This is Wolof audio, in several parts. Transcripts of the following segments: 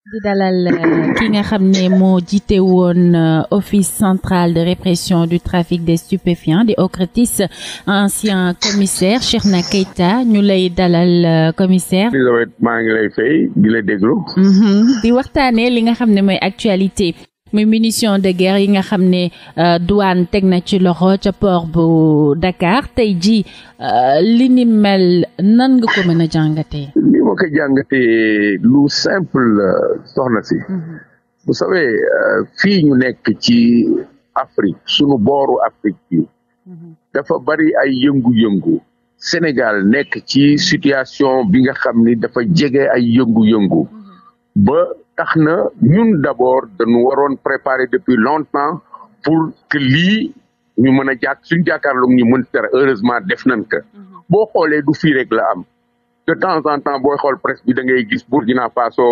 di dalal euh, ki nga xam ne moo jiite woon euh, office central de répression du trafic des stupéfiants di OCRTIS ancien commissaire Cheikhna Keita ñu lay dalal euh, commissaire. maa lay fay di mm-hmm. di waxtaanee li nga xam ne mooy actualité. muy munition de guerre yi nga xam ne douane teg na ci loxo ca port bu Dakar tey ji li nan nga ko mën a jàngatee. boo jàng jàngatee lu simple soxna si. Mm-hmm. vous savez euh, fii ñu nekk ci Afrique sunu booru Afrique bi. Mm-hmm. dafa bari ay yëngu-yëngu. Sénégal nekk ci situation bi nga xam ni dafa jege ay yëngu-yëngu. Mm-hmm. ba tax na ñun d'abord dañu waroon préparer depuis longtemps pour que lii ñu mën a jàkk suñ jàkkaarloog ñu mën tere heureusement def nañ ko. boo xoolee du fii rek la am. de temps en temps booy xool presse bi da ngay gis Burkina Faso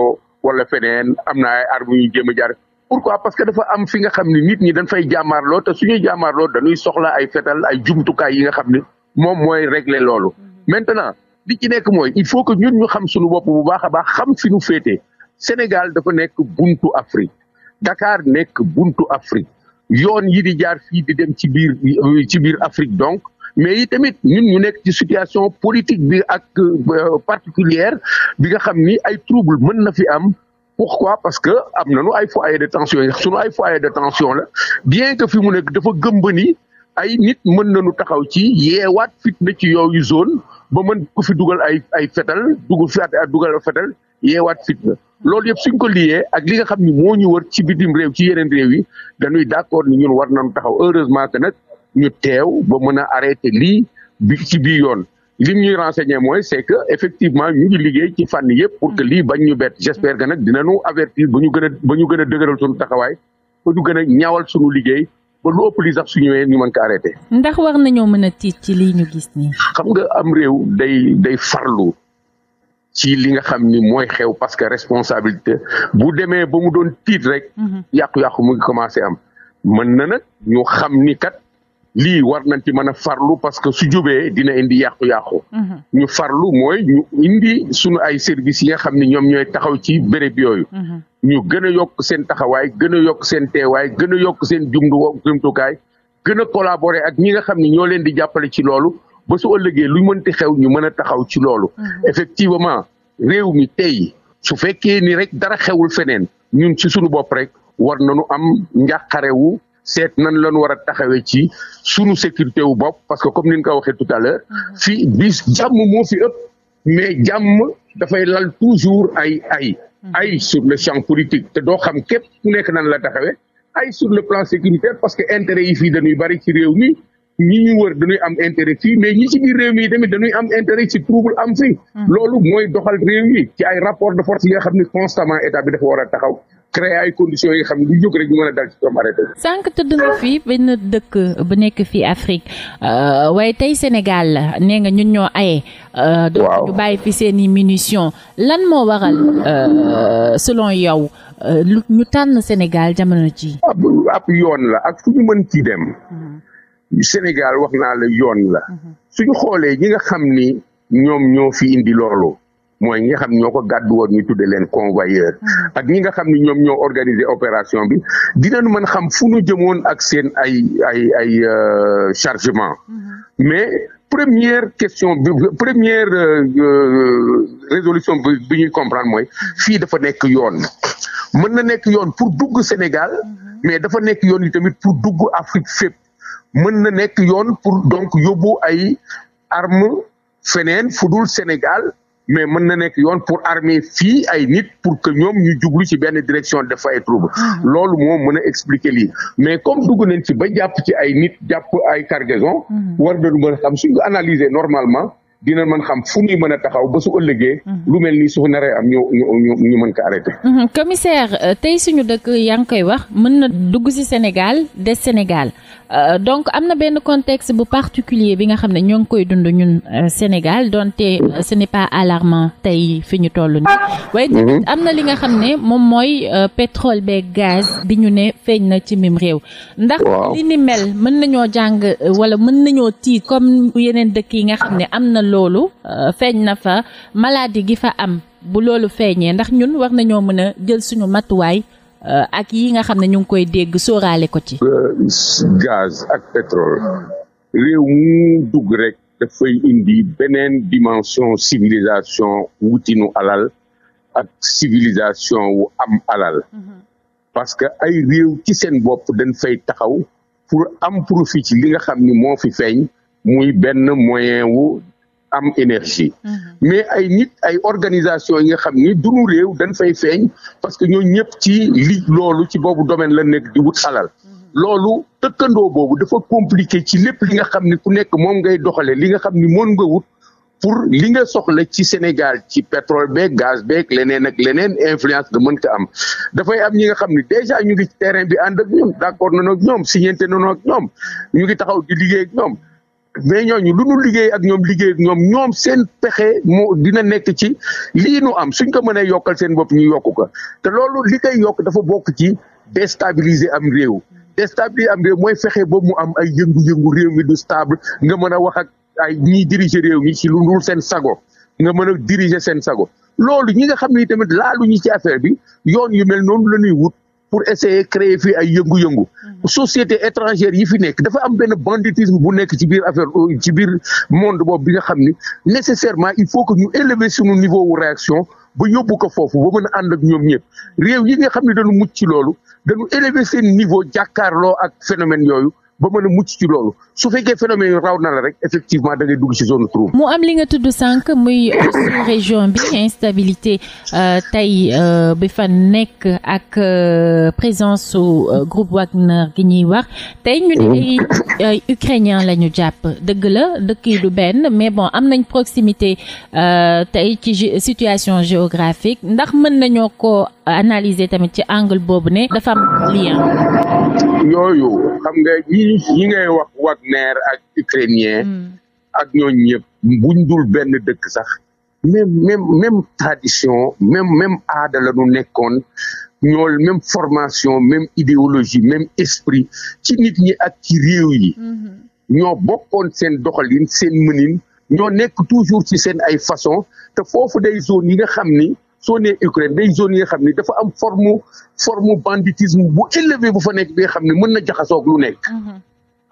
wala feneen am na ay armes yu ñuy a jaar pourquoi parce que dafa am fi nga xam ne nit ñi dañ fay jàmmaarloo te suñuy jàmmaarloo dañuy soxla ay fetal ay jumtukaay yi nga xam ne moom mooy régler loolu mm-hmm. maintenant li ci nekk mooy il faut que ñun ñu xam suñu bopp bu baax baax xam fi ñu féetee Sénégal dafa nekk buntu Afrique Dakar nekk buntu Afrique yoon yi di jaar fii di dem ci biir ci biir Afrique donc mais yi tamit ñun ñu nekk ci situation politique bi ak euh, particulière bi nga xam ni ay trouble mën na fi am pourquoi parce que am nañu ay foyer de tension yi sunu ay foyer de tension la bien que fi mu nekk dafa gëmba ni ay nit mën na nañu taxaw ci yeewaat fitna ci yooyu zone ba mën ko fi dugal ay ay fetal dugg fi at dugal fetal yeewaat fitna loolu yëpp suñ ko liyee ak li nga xam ni moo ñu war ci bitim réew ci yeneen réew yi dañuy d'accord ni ñun war nañu taxaw heureusement que nag ñu teew ba mën a arrêté lii ci bii yoon lim ñuy renseigner mooy c'est que effectivement ñu ngi liggéey ci fànn yëpp pour que lii bañ ñu bett j'espère que nag dinañu avertir ba ñu gën a ba ñu gën a dëgëral suñu taxawaay ba ñu gën a ñaawal suñu liggéey ba lu ëpp li sax su ñëwee ñu mën ko arrêté. ndax war nañoo mën a tiit ci lii ñu gis nii. xam nga am réew day day farlu ci li nga xam ni mooy xew parce que responsabilité bu demee ba mu doon tiit rek. Mhm. yàqu-yàqu mu ngi commencé am lii war nañ ci mën a farlu parce que su jubee dina indi yàqu-yàqu. ñu farlu mooy ñu indi sunu ay services yi nga xam ni ñoom ñooy taxaw ci béréb yooyu. ñu gën a yokk seen taxawaay gën a yokk seen teewaay gën a yokk seen jumtu jumtukaay gën collaborer ak ñi nga xam ne ñoo leen di jàppale ci loolu ba su ëllëgee lu mënti xew ñu mën a taxaw ci loolu. Mm-hmm. effectivement réew mi tey su fekkee ni rek dara xewul feneen ñun ci sunu bopp rek war nañu am njàqarewu seet nan lan war a taxawee ci sunu sécurité wu bopp parce que comme ni nga ko waxee tout à mhm. fii bis jàmm moo fi ëpp mais jàmm dafay lal toujours ay ay mhm. ay sur le champ politique te doo xam képp ku nekk nan la taxawee ay sur le plan sécuritaire parce que intérêt yi fii dañuy bari ci réew mi ñi ñu wër dañuy am intérêt fii mais ñi ci biir réew mi tamit dañuy am intérêt ci trouble am fii mhm. loolu mooy doxal réew ci ay rapport de force yi nga xam ne constamment état bi dafa war a taxaw créé ay conditions yi nga xam ne lu jóg rek ñu mën a dal ci doomu arrêté sànq tëdd nga fii benn dëkk bu nekk fii Afrique euh, waaye tey Sénégal la nee nga ñun ñoo aye euh, do ñu bàyyi fi seen i munitions lan moo waral euh, yow lu ñu tànn Sénégal jamono ci ah, ab yoon la ak fu mën ci dem mhm. Sénégal wax naa la yoon la mhm. suñu xoolee ñi nga xam ni ñoom ñoo fi indi loolu mooy ñi nga xam ñoo ko gàddu woon ñu tudde leen convoyeur mm. ak ñi nga xam ne ñoom ñoo organiser opération bi dinañu mën xam fu ñu jëmoon ak seen ay ay ay euh, chargement mm-hmm. mais première question bi première euh, résolution bi ñuy comprendre mooy mm-hmm. fii dafa nekk yoon mën na nekk yoon pour dugg Sénégal mm-hmm. mais dafa nekk yoon yi tamit pour dugg Afrique fépp mën na nekk yoon pour donc yóbbu ay armes feneen fu dul Sénégal mais mën na nekk yoon pour armer fii ay nit pour que ñoom ñu juglu ci benn direction def ay trouble ah. loolu moo mën a expliquer lii mais comme dugg nañ ci ba jàpp ci ay nit jàpp ay cargaison mm-hmm. war nañu mën a xam si ko normalement dina mën xam fu ñuy mën a taxaw ba su ëllëgee. Mhm. lu mel ni su naree am ñu ñu ko arrêté. Mhm. commissaire euh, tey suñu dëkk yaa ngi koy wax mën na dugg ci Sénégal des Sénégal euh, donc am na benn contexte bu particulier bi nga xam ne ñoo ngi koy dund ñun euh, Sénégal donte ce n'est pas alarmant tey fi ñu toll nii. waaye tamit mhm. am na li nga xam ne moom mooy pétrole beeg gaz bi ñu ne feeñ na ci mim réew. ndax li ni mel mën nañoo jàng wala mën nañoo tiit comme yeneen dëkk yi nga loolu euh, feeñ na fa maladie gi fa am bu loolu feeñee ndax ñun war nañoo mën a jël suñu matuwaay euh, ak yi nga xam ne ñu ngi koy dégg sóoraale ko ci. Euh, gaz ak pétrole réew mu dugg rek dafay indi beneen dimension civilisation wutinu alal ak civilisation wu am alal mm-hmm. parce que ay réew ci seen bopp dañ fay taxaw pour am profit ci li nga xam ni moo fi feeñ muy benn moyen wu am énergie. Mm-hmm. mais ay nit ay organisation yi nga xam ni duñu réew dan fay feeñ parce que ñoo ñëpp ci li loolu ci boobu domaine la nekk di wut alal. Mm-hmm. loolu tëkkandoo boobu dafa compliqué ci lépp li nga xam ni ku nekk moom ngay doxale li nga xam ni mën nga wut. pour li nga soxla ci Sénégal ci pétrole beeg gaz beeg leneen ak leneen influence nga mën ko am dafay am ñi nga xam ne déjà ñu ngi ci terrain bi ànd ak ñoom d'accord nañu ak ñoom signante nañu ak ñoom ñu ngi taxaw di liggéey ak ñoom mais ñooñu lu ñu liggéey ak ñoom liggéey ak ñoom ñoom seen pexe moo dina nekk ci lii nu am suñ ko mënee yokkal seen bopp ñu yokk ko te loolu li koy yokk dafa bokk ci déstabiliser am réew déstabiliser am réew mooy fexe ba mu am ay yëngu-yëngu réew mi du stable nga mën a wax ak ay ñiy diriger réew mi ci lu dul seen sago nga mën a diriger seen sago loolu ñi nga xam ne tamit laaluñu ci affaire bi yoon yu mel noonu la ñuy wut pour essayer créer fii ay yëngu-yëngu mhm. société étrangère yi fi nekk dafa am benn banditisme bu nekk ci biir affaire euh, ci biir monde boobu bi nga xam ni nécessairement il faut que ñu élever suñu niveau wu réaction ba yóbbu ko foofu ba mën a ànd ak ñoom ñëpp réew yi nga xam ne dañu mucc ci loolu dañu élever seen niveau jàkkaarloo ak phénomène yooyu ba mën a mucc ci loolu su fekkee phénomène yi raw na la rek effectivement da ngay dugg ci zone trouble. mu am li nga tudd sànq muy sur région bi instabilité euh, tey euh, bi fan nekk ak euh, présence su groupe Wagner gi ñuy wax tey ñu ne ukrainien la ñu jàpp dëgg la dëkk yi du benn mais bon am nañ proximité tey ci situation géographique ndax mën nañoo ko analyser tamit ci angle boobu ne dafa am lien. yooyu xam nga ñi ñi ngay wax Wagner ak ukrainien. Hmm. ak ñooñu ñëpp buñ dul benn dëkk sax même même même tradition même même aada la nekkoon ñool même formation même idéologie même esprit ci nit ñi ak ci réew yi. Hmm. ñoo bokkoon seen doxalin seen mënin ñoo nekk toujours ci seen ay façon te foofu day zone yi nga xam ni. soo nee Ukraine day zone yi nga xam ni dafa am forme forme banditisme bu élevé bu fa nekk bi nga xam ne mën na jaxasoog lu nekk. Mhm.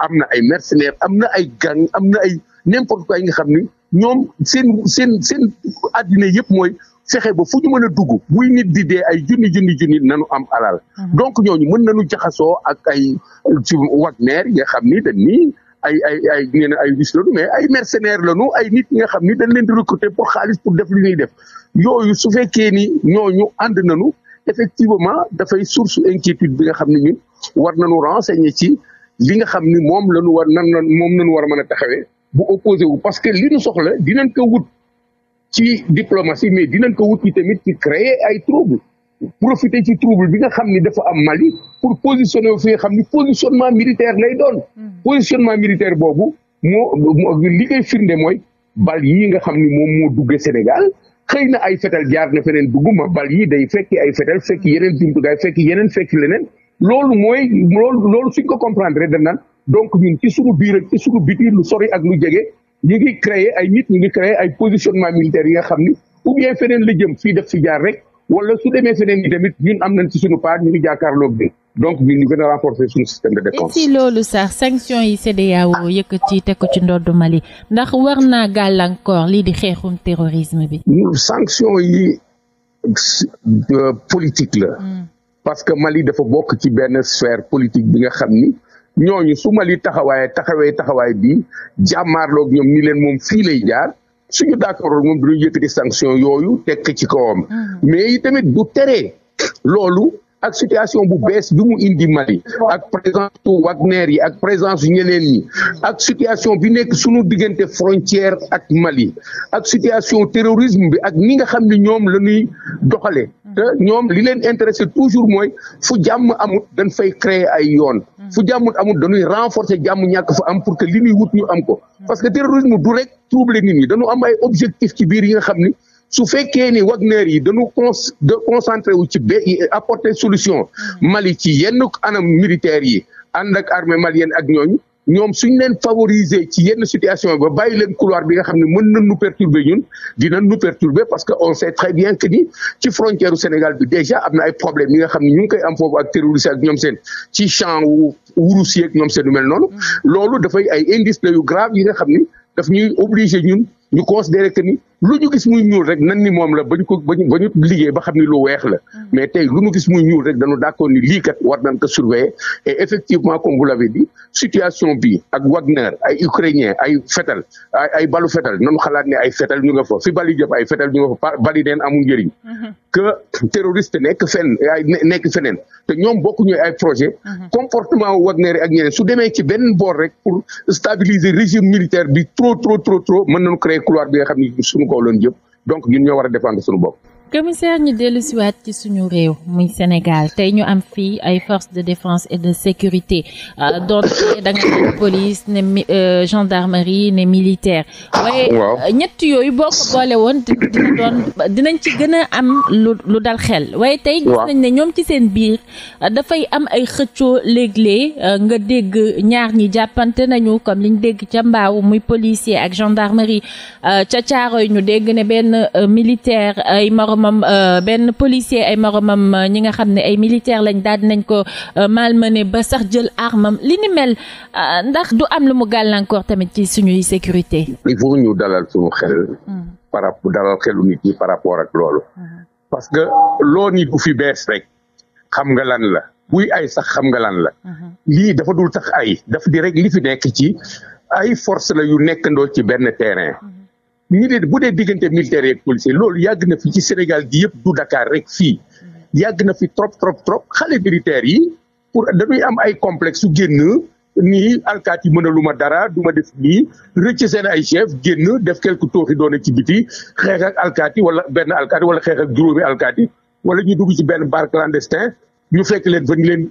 am na ay mercenaires am na ay gang am na ay n'importe quoi nga xam ni ñoom seen seen seen addina yëpp mooy. fexe ba fu ñu mën a dugg buy nit di dee ay junni junni junni nañu am alal mhm. donc ñooñu mën nañu jaxasoo ak ay ci Wagner yi nga xam ni da nii ay ay ay nee na ay russe lañu mais ay mercenaires lañu ay nit ñi nga xam ni dañ leen di recruter pour xaalis pour def li ñuy def yooyu su fekkee ni ñooñu ànd nañu effectivement dafay source inquiétude bi nga xam ne ñun war nañu renseigner ci li nga xam ni moom la ñu war nan la moom nañu war a mën a taxawee bu opposé wu parce que li ñu soxla dinañ ko wut ci diplomatie mais dinañ ko wut ci tamit ci créer ay trouble profiter ci trouble bi nga xam ni dafa am Mali pour positionner wu fi nga xam ni positionnement militaire lay doon hmm. positionnement militaire boobu moo li koy firnde mooy bal yi nga xam ni moom moo duggee Sénégal xëy na ay fetal jaar na feneen dugguma bal yi day fekki ay fetal fekki yeneen jumtukaay fekki yeneen fekki leneen loolu mooy loolu loolu suñ ko comprendre dañ naan donc ñun ci suñu biir ak ci suñu biti lu sori ak lu jege ñu ngi créer ay nit ñu ngi créer ay positionnement militaire yi nga xam ni ou bien feneen la jëm fii def fi jaar rek wala su demee feneen yi tamit ñun am nañ ci suñu part ñu ngi jàkkaarloog bi donc ñu gën a renforcer suñu système de défense. et si loolu sax sanction yi yëkk yëkkati teg ko ci ndoddu Mali ndax war naa gàllankoor lii di xeexum terrorisme bi. sanction yi euh, politique la. Mm. parce que Mali dafa bokk ci benn sphère politique bi nga xam ni ñooñu su Mali taxawaaye taxawee taxawaay bi jàmmaarloog ñoom ni leen moom fii lay jaar suñu d'accord moom du ñu di sanction yooyu teg ci kawam. Mm. mais tamit bu teree loolu. ak situation bu bees bi mu indi Mali ak présence Wagner yi ak présence ñeneen ñi ak situation bi nekk sunu diggante frontière ak Mali ak situation terrorisme bi ak ni nga xam ne ñoom la ñuy doxalee te ñoom li leen intéressé toujours mooy fu jàmm amut dan fay créer ay yoon fu jàmm amul dañuy renforcer jàmm ñàkk fu am pour que li ñuy wut ñu am ko parce que terrorisme du rek troubler nit ñi dañu am ay objectif ci biir yi nga xam ni su fekkee ni Wagner yi dañu cons de concentré wu ci ba apporter solution hmm. Mali ci yenn anam militaire yi ànd ak armée malienne ak ñooñ ñoom suñ leen favoriser ci yenn situation ba bàyyi leen couloir bi nga xam ne mën na nu perturber ñun dinañ nu perturber parce que on sait très bien que ni ci frontière Sénégal bi déjà am na ay problèmes yi nga xam ni ñu ngi koy am foofu ak terroriste ak ñoom seen ci champ wu wurus yeeg ñoom seen lu mel noonu hmm. loolu dafay ay indice yu grave yi nga xam ni daf ñuy obligé ñun ñu considéré que ni lu ñu gis muy ñuul rek nan ni moom la ba ñu ko ba ñu ba ñu liggéey ba xam ni lu weex la mm-hmm. mais tey lu ñu gis muy ñuul rek dañu d'accord ni lii war nañ ko surveiller et effectivement comme vous l'avez dit situation bi ak Wagner ay ukrainien ay fetal ay ay balu fetal nanu xalaat ne ay fetal ñu nga fa fi bali jëpp ay fetal ñu nga fa bali neen amul njëriñ mm-hmm. que terroriste nekk fenn ay nekk feneen te ñoom bokk ñu ay projet mm-hmm. comportement Wagner ak ñeneen su demee ci bi trop trop trop trop couloir bi nga xam ne suñu kaw loon jëm donc ñun ñoo war a défendre suñu commissaire ñu dellu siwaat ci suñu réew muy Sénégal tey ñu am fii ay forces de défense et de sécurité euh, donc da nga ne police ne euh, gendarmerie ne militaire waaye euh, ñett yooyu boo ko boole woon dina doon dinañ ci gën a am lu lu dal xel waaye tey gis nañ ne ñoom ci seen biir dafay am ay xëccoo léeg nga dégg ñaar ñi jàppante nañu comme liñ dégg ca mbaaw muy policier ak gendarmerie ca caaro caaroy ñu dégg ne benn militaire ay moro moromam euh, benn policier ay moromam euh, ñi nga xam ne ay militaire lañ daal di nañ ko euh, ne ba sax jël armam li ni mel ndax du am lu mu gàllankoor tamit ci suñuy sécurité. il faut ñu dalal suñu xel. Hmm. par rapport dalal xelu nit ñi par rapport ak loolu. Hmm. parce que loo nit bu fi bees rek xam nga lan la buy ay sax xam nga lan la. Hmm. lii dafa dul tax ay daf di rek li fi nekk ci ay force la yu nekkandoo ci benn terrain. ñu dee bu dee diggante militaire yeeg policier loolu yàgg na fi ci Sénégal gi yëpp du Dakar rek fii yàgg na fi trop trop trop xale militaire yi pour dañuy am ay complexe su génn nii alkaat yi mën a dara duma def nii rëcc seen ay chef génn def quelque tooxi doona ci biti xeex ak alkaat wala benn alkaat wala xeex ak juróomi alkaat wala ñu dugg ci benn bar clandestin ñu fekk leen fa ñu leen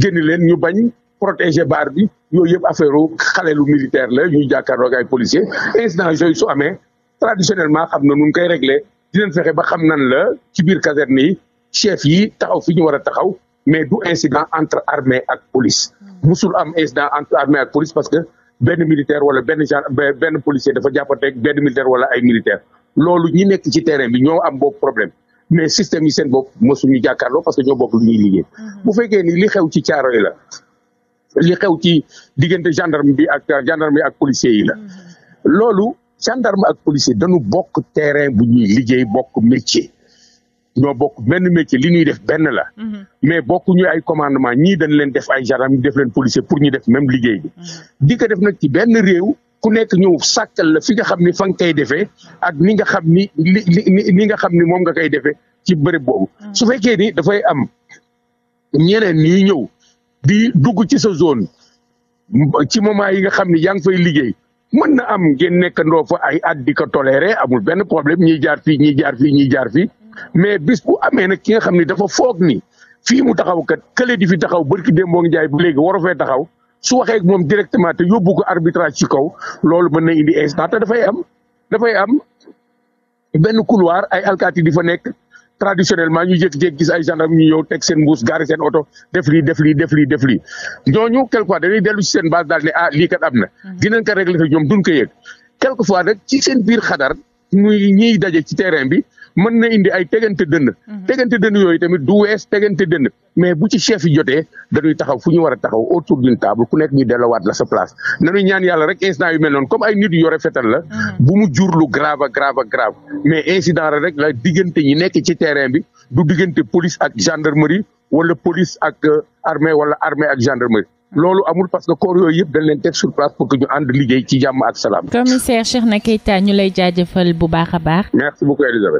génn leen ñu bañ protéger baar bi yooyu yëpp affaire u militaire la ñuy jàkkaarloog ay policier incident yooyu su amee traditionnellement xam na nun koy régler dinañ fexe ba xam nan la ci biir caserne yi chef yi taxaw fi ñu war a taxaw mais du incident entre armée ak police musul am incident entre armée ak police que benn militaire wala benn genre benn policier dafa jàppanteeg benn militaire wala ay militaire loolu ñi nekk ci terrain bi ñoo am boobu problème mais système yi seen bopp mosuñu jàkkaarloo parce que ñoo bokk lu ñuy liggéey mm-hmm. bu fekkee ni li xew ci caaro yi la li xew ci diggante gendarme bi ak gendarme bi ak policier yi la mm-hmm. loolu gendarme ak policier dañu bokk terrain bu ñuy liggéey bokk métier ñoo bokk benn métier li ñuy def benn la mm-hmm. mais bokkuñu ay commandement ñii dañ leen def ay gendarme ñi def leen policier pour ñu def même liggéey bi mm-hmm. di ko def nag ci benn réew ku nekk ñëw sàkkal la fi nga xam ni fa nga koy defee ak ni nga xam ni li li nga xam ni moom nga koy defee ci bërëb boobu su fekkee ni dafay am ñeneen ñuy ñëw di dugg ci sa zone ci moment yi nga xam ne yaa ngi fay liggéey mën na am ngeen nekkandoo fa ay at di ko toléré amul benn problème ñiy jaar fii ñiy jaar fii ñiy jaar fii mais bis bu amee nag ki nga xam ni dafa foog ni fii mu taxaw kat kële di fi taxaw barki Demba Ndiaye bu léegi waru fee taxaw su waxee moom directement te yóbbu ko arbitrage ci kaw loolu mën na indi instant te dafay am dafay am benn couloir ay alkaati di fa nekk. traditionnellement ñu jékki-jékki gis ay gendarme ñu ñëw teg seen mbuus gaari seen oto def lii def lii def lii def lii ñooñu quelquefois dañuy dellu ci seen base daal ne ah lii kat am na mm-hmm. dinañ ko régler te ñoom duñ ko yëg quelquefois nag ci seen biir xadar muy ñiy daje ci terrain bi mën na indi ay tegante dënd. Mhm. tegante dënd yooyu tamit du wees tegante dënd mais bu ci chef yi jotee dañuy taxaw fu ñu war a taxaw autour d'une table ku nekk ñu delluwaat la sa place nañu ñaan yàlla rek incident yu mel noonu comme ay nit yu yore fetal la. Mhm. bu mu jur lu grave ak grave ak grave mais incident rek la diggante ñi nekk ci terrain bi du diggante police ak gendarmerie wala police ak euh, armée wala armée ak gendarmerie. loolu amul parce que corps yooyu yëpp dañ leen teg sur place pour que a baax.